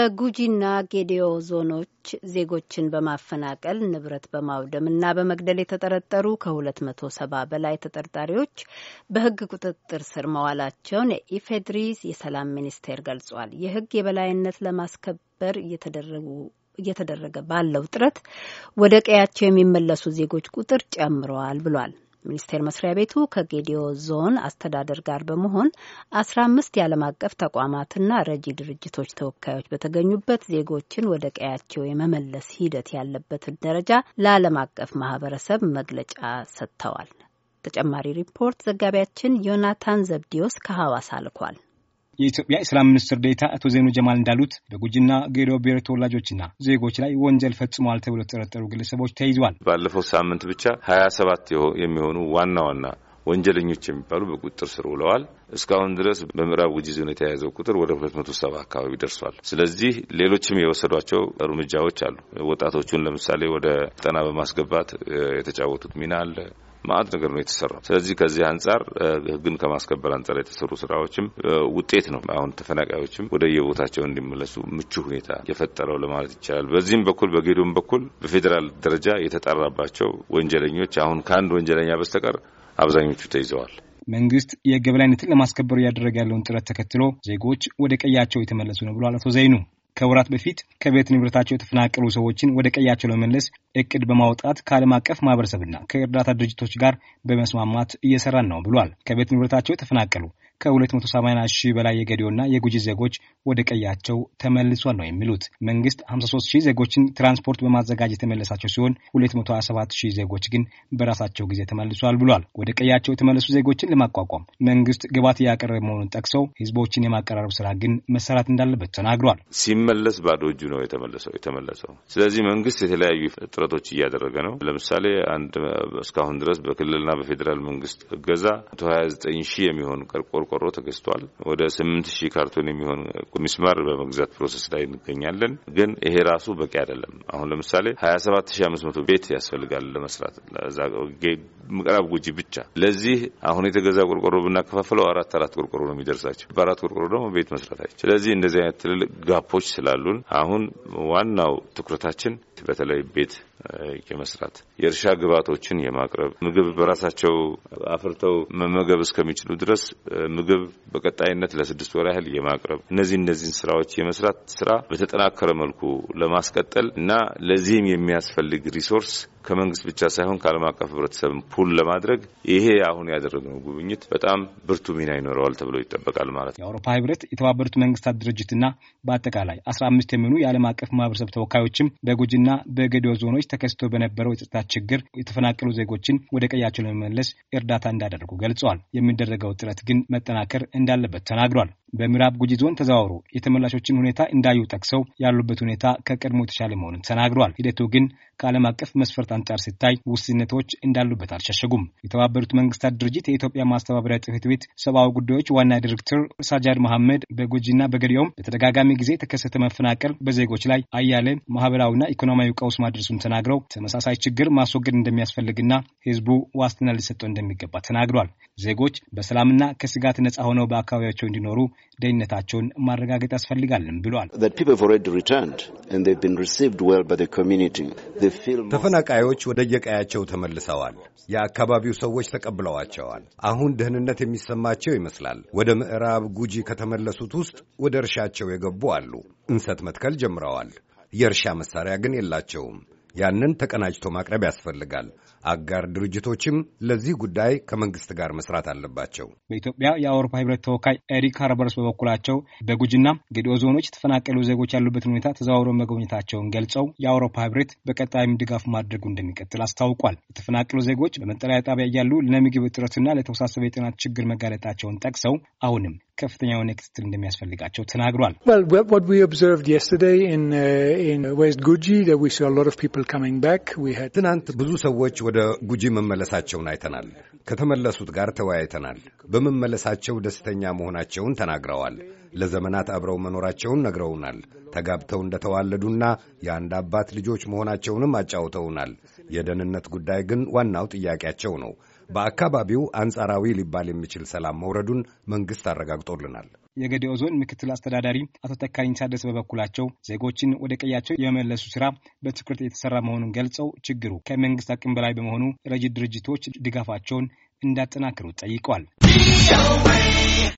በጉጂና ጌዲዮ ዞኖች ዜጎችን በማፈናቀል ንብረት በማውደምና በመግደል የተጠረጠሩ ከ270 በላይ ተጠርጣሪዎች በሕግ ቁጥጥር ስር መዋላቸውን የኢፌድሪስ የሰላም ሚኒስቴር ገልጿል። የሕግ የበላይነት ለማስከበር እየተደረጉ እየተደረገ ባለው ጥረት ወደ ቀያቸው የሚመለሱ ዜጎች ቁጥር ጨምረዋል ብሏል። ሚኒስቴር መስሪያ ቤቱ ከጌዲዮ ዞን አስተዳደር ጋር በመሆን አስራ አምስት የዓለም አቀፍ ተቋማትና ረጂ ድርጅቶች ተወካዮች በተገኙበት ዜጎችን ወደ ቀያቸው የመመለስ ሂደት ያለበትን ደረጃ ለዓለም አቀፍ ማህበረሰብ መግለጫ ሰጥተዋል። ተጨማሪ ሪፖርት ዘጋቢያችን ዮናታን ዘብዲዮስ ከሐዋሳ ልኳል። የኢትዮጵያ የሰላም ሚኒስትር ዴኤታ አቶ ዜኑ ጀማል እንዳሉት በጉጂና ጌዶ ብሔር ተወላጆችና ዜጎች ላይ ወንጀል ፈጽመዋል ተብሎ የተጠረጠሩ ግለሰቦች ተይዟል። ባለፈው ሳምንት ብቻ ሀያ ሰባት የሚሆኑ ዋና ዋና ወንጀለኞች የሚባሉ በቁጥጥር ስር ውለዋል። እስካሁን ድረስ በምዕራብ ጉጂ ዞን የተያያዘው ቁጥር ወደ ሁለት መቶ ሰባ አካባቢ ደርሷል። ስለዚህ ሌሎችም የወሰዷቸው እርምጃዎች አሉ። ወጣቶቹን ለምሳሌ ወደ ጠና በማስገባት የተጫወቱት ሚና አለ። ማአት ነገር ነው የተሰራው። ስለዚህ ከዚህ አንጻር ህግን ከማስከበር አንጻር የተሰሩ ስራዎችም ውጤት ነው። አሁን ተፈናቃዮችም ወደ የቦታቸው እንዲመለሱ ምቹ ሁኔታ የፈጠረው ለማለት ይቻላል። በዚህም በኩል በጌዶም በኩል በፌዴራል ደረጃ የተጣራባቸው ወንጀለኞች አሁን ከአንድ ወንጀለኛ በስተቀር አብዛኞቹ ተይዘዋል። መንግስት የህግ የበላይነትን ለማስከበር እያደረገ ያለውን ጥረት ተከትሎ ዜጎች ወደ ቀያቸው የተመለሱ ነው ብሏል አቶ ዘይኑ። ከወራት በፊት ከቤት ንብረታቸው የተፈናቀሉ ሰዎችን ወደ ቀያቸው ለመመለስ እቅድ በማውጣት ከዓለም አቀፍ ማህበረሰብና ከእርዳታ ድርጅቶች ጋር በመስማማት እየሰራን ነው ብሏል። ከቤት ንብረታቸው የተፈናቀሉ ከ270 ሺህ በላይ የገዲዮና የጉጂ ዜጎች ወደ ቀያቸው ተመልሷል ነው የሚሉት። መንግስት 53 ሺህ ዜጎችን ትራንስፖርት በማዘጋጀት የተመለሳቸው ሲሆን 227 ሺህ ዜጎች ግን በራሳቸው ጊዜ ተመልሷል ብሏል። ወደ ቀያቸው የተመለሱ ዜጎችን ለማቋቋም መንግስት ግባት እያቀረበ መሆኑን ጠቅሰው ህዝቦችን የማቀራረብ ስራ ግን መሰራት እንዳለበት ተናግሯል። ሲመለስ ባዶ እጁ ነው የተመለሰው የተመለሰው። ስለዚህ መንግስት የተለያዩ ጥረቶች እያደረገ ነው። ለምሳሌ አንድ እስካሁን ድረስ በክልልና በፌዴራል መንግስት እገዛ 29 ሺህ የሚሆን ቀርቆር ቆርቆሮ ተገዝቷል። ወደ ስምንት ሺህ ካርቶን የሚሆን ሚስማር በመግዛት ፕሮሰስ ላይ እንገኛለን። ግን ይሄ ራሱ በቂ አይደለም። አሁን ለምሳሌ ሀያ ሰባት ሺህ አምስት መቶ ቤት ያስፈልጋል ለመስራት ምዕራብ ጉጂ ብቻ። ለዚህ አሁን የተገዛ ቆርቆሮ ብናከፋፍለው አራት አራት ቆርቆሮ ነው የሚደርሳቸው። በአራት ቆርቆሮ ደግሞ ቤት መስራት አይችል። ስለዚህ እንደዚህ አይነት ትልልቅ ጋፖች ስላሉን አሁን ዋናው ትኩረታችን በተለይ ቤት የመስራት የእርሻ ግብዓቶችን የማቅረብ ምግብ በራሳቸው አፍርተው መመገብ እስከሚችሉ ድረስ ምግብ በቀጣይነት ለስድስት ወር ያህል የማቅረብ እነዚህ እነዚህን ስራዎች የመስራት ስራ በተጠናከረ መልኩ ለማስቀጠል እና ለዚህም የሚያስፈልግ ሪሶርስ ከመንግስት ብቻ ሳይሆን ከዓለም አቀፍ ህብረተሰብ ፑል ለማድረግ ይሄ አሁን ያደረግነው ጉብኝት በጣም ብርቱ ሚና ይኖረዋል ተብሎ ይጠበቃል ማለት ነው። የአውሮፓ ህብረት፣ የተባበሩት መንግስታት ድርጅትና በአጠቃላይ አስራ አምስት የሚሆኑ የዓለም አቀፍ ማህበረሰብ ተወካዮችም በጉጂና በገዲዮ ዞኖች ተከስቶ በነበረው የጸጥታ ችግር የተፈናቀሉ ዜጎችን ወደ ቀያቸው ለመመለስ እርዳታ እንዳደረጉ ገልጸዋል። የሚደረገው ጥረት ግን መጠናከር እንዳለበት ተናግሯል። በምዕራብ ጉጂ ዞን ተዘዋውሮ የተመላሾችን ሁኔታ እንዳዩ ጠቅሰው ያሉበት ሁኔታ ከቀድሞ የተሻለ መሆኑን ተናግረዋል። ሂደቱ ግን ከዓለም አቀፍ መስፈርት አንጻር ሲታይ ውስንነቶች እንዳሉበት አልሸሸጉም። የተባበሩት መንግስታት ድርጅት የኢትዮጵያ ማስተባበሪያ ጽሕፈት ቤት ሰብአዊ ጉዳዮች ዋና ዲሬክተር ሳጃድ መሐመድ በጉጂና በገዲኦም በተደጋጋሚ ጊዜ የተከሰተ መፈናቀል በዜጎች ላይ አያሌ ማህበራዊና ኢኮኖሚያዊ ቀውስ ማድረሱን ተናግረው ተመሳሳይ ችግር ማስወገድ እንደሚያስፈልግና ህዝቡ ዋስትና ሊሰጠው እንደሚገባ ተናግሯል። ዜጎች በሰላምና ከስጋት ነጻ ሆነው በአካባቢያቸው እንዲኖሩ ደህንነታቸውን ማረጋገጥ ያስፈልጋልም ብሏል። ተፈናቃዮች ወደ የቀያቸው ተመልሰዋል። የአካባቢው ሰዎች ተቀብለዋቸዋል። አሁን ደህንነት የሚሰማቸው ይመስላል። ወደ ምዕራብ ጉጂ ከተመለሱት ውስጥ ወደ እርሻቸው የገቡ አሉ። እንሰት መትከል ጀምረዋል። የእርሻ መሳሪያ ግን የላቸውም። ያንን ተቀናጅቶ ማቅረብ ያስፈልጋል። አጋር ድርጅቶችም ለዚህ ጉዳይ ከመንግስት ጋር መስራት አለባቸው። በኢትዮጵያ የአውሮፓ ህብረት ተወካይ ኤሪክ ሃርበርስ በበኩላቸው በጉጂና ጌዲኦ ዞኖች የተፈናቀሉ ዜጎች ያሉበትን ሁኔታ ተዘዋውሮ መጎብኘታቸውን ገልጸው የአውሮፓ ህብረት በቀጣይም ድጋፍ ማድረጉ እንደሚቀጥል አስታውቋል። የተፈናቀሉ ዜጎች በመጠለያ ጣቢያ እያሉ ለምግብ እጥረትና ለተወሳሰበ የጤና ችግር መጋለጣቸውን ጠቅሰው አሁንም ከፍተኛ የሆነ ክትትል እንደሚያስፈልጋቸው ተናግሯል። uh, ትናንት ብዙ ሰዎች ወደ ጉጂ መመለሳቸውን አይተናል። ከተመለሱት ጋር ተወያይተናል። በመመለሳቸው ደስተኛ መሆናቸውን ተናግረዋል። ለዘመናት አብረው መኖራቸውን ነግረውናል። ተጋብተው እንደተዋለዱና የአንድ አባት ልጆች መሆናቸውንም አጫውተውናል። የደህንነት ጉዳይ ግን ዋናው ጥያቄያቸው ነው። በአካባቢው አንጻራዊ ሊባል የሚችል ሰላም መውረዱን መንግሥት አረጋግጦልናል። የገዲኦ ዞን ምክትል አስተዳዳሪ አቶ ተካኝ ታደሰ በበኩላቸው ዜጎችን ወደ ቀያቸው የመለሱ ስራ በትኩረት የተሰራ መሆኑን ገልጸው ችግሩ ከመንግስት አቅም በላይ በመሆኑ ረጅት ድርጅቶች ድጋፋቸውን እንዳጠናክሩ ጠይቋል።